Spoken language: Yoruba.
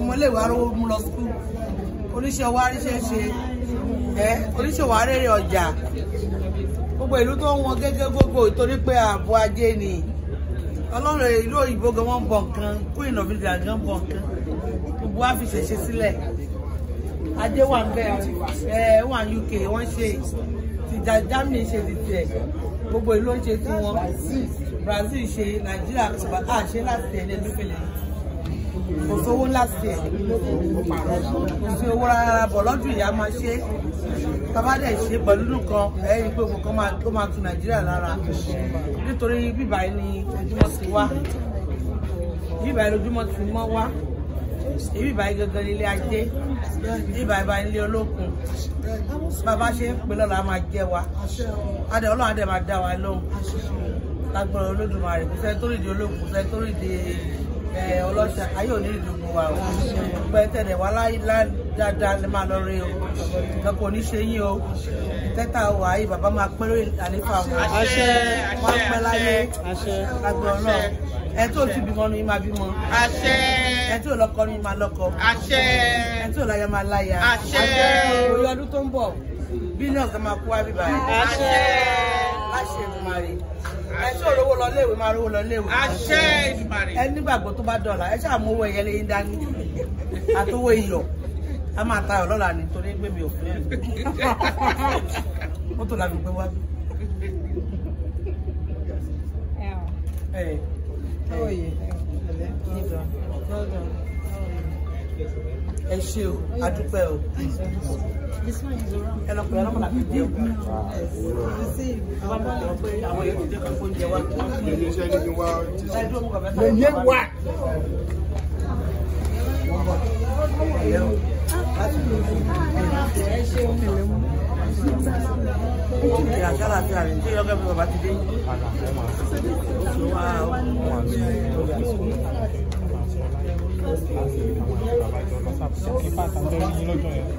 ọmọléèwé arówó mú lọ skul oníṣẹ́ ọwọ́ aríṣẹ́ ṣe ẹ́ oníṣòwò arére ọjà gbogbo ìlú tó ń wọn gẹ́gẹ́ gbogbo torí pé ààbò ajé ni ọlọ́run ìlú òyìnbó gan wọ́n bọ̀ nǹkan queen of England gan bọ̀ nǹkan gbogbo wa fi ṣẹ̀ṣẹ̀ sílẹ̀ ajé wà ń bẹ ẹ wà ní UK wọ́n ṣe tìjà Germany ṣe ti tiẹ̀ gbogbo ìlú ń ṣe tiwọn Brazil ṣe Nàìjíríà kò bá a ṣe láti tẹ̀lé lókèlè yìí kò sówó láti ẹ̀ kò sí owó rárá bọ̀ lọ́dún ìyá máa ṣe bàbá dẹ̀ ṣe pẹ̀lú nìkan ẹ̀yìn pé nǹkan tó máa tu nàìjíríà lára nítorí bíbá ẹni ojúmọ́ ti wá bíbá ẹni ojúmọ́ ti mọ́ wá ibi ìbáyé gangan nílé ajé ibi ìbáyé nílé olókun bàbá ṣe ń pè lọ́la máa jẹ́ wa adé ọlọ́run adé máa dá wa lóhùn lágbára olódùmarè kò fẹ́ tó rìndì ológun fẹ́ tó rìndì ọlọ́ṣà ayé ò ní wa o pẹ́ tẹ̀lé wa dáadáa lè máa lọ rí o nǹkan kò ní ṣe yín o tẹ́tà wà yìí bàbá máa pẹ́ lórí àlefa wọn àṣẹ wọn pẹ́ láyé lágbára náà ẹ tó ti bímọ ni máa bímọ àṣẹ ẹ tó lọ́kọ ni máa lọ́kọ àṣẹ ẹ tó láya máa láya àṣẹ òye ọdún tó ń bọ̀ bílíọ̀nù kan máa kó wá bíbá yìí àṣẹ àṣẹ ìmàrè ẹ ṣe òrówó lọ léèwé máa rówó lọ léèwé. àṣẹ ìmàrè. ẹ nígbàgbọ́ tó bá dọ̀là ẹ ṣáà mú owó ẹyẹ lẹ́yìn dání àtọwọ́ iyọ̀ a máa tayọ̀ lọ́la nítorí pé mi ò fẹ́ ẹ̀ mọ́tò la fi gbé wá. ẹ ẹ ẹ ẹ ẹ ẹ ẹ ẹ ẹ ẹ ẹ ẹ ẹ ẹ ẹ ẹ ẹ ṣe o adúpẹ́ o ẹ lọ pẹ̀lú ọlọ́pàá kò dé o àwọn èèyàn wa. lè yé 啊，你爸长得肌肉型。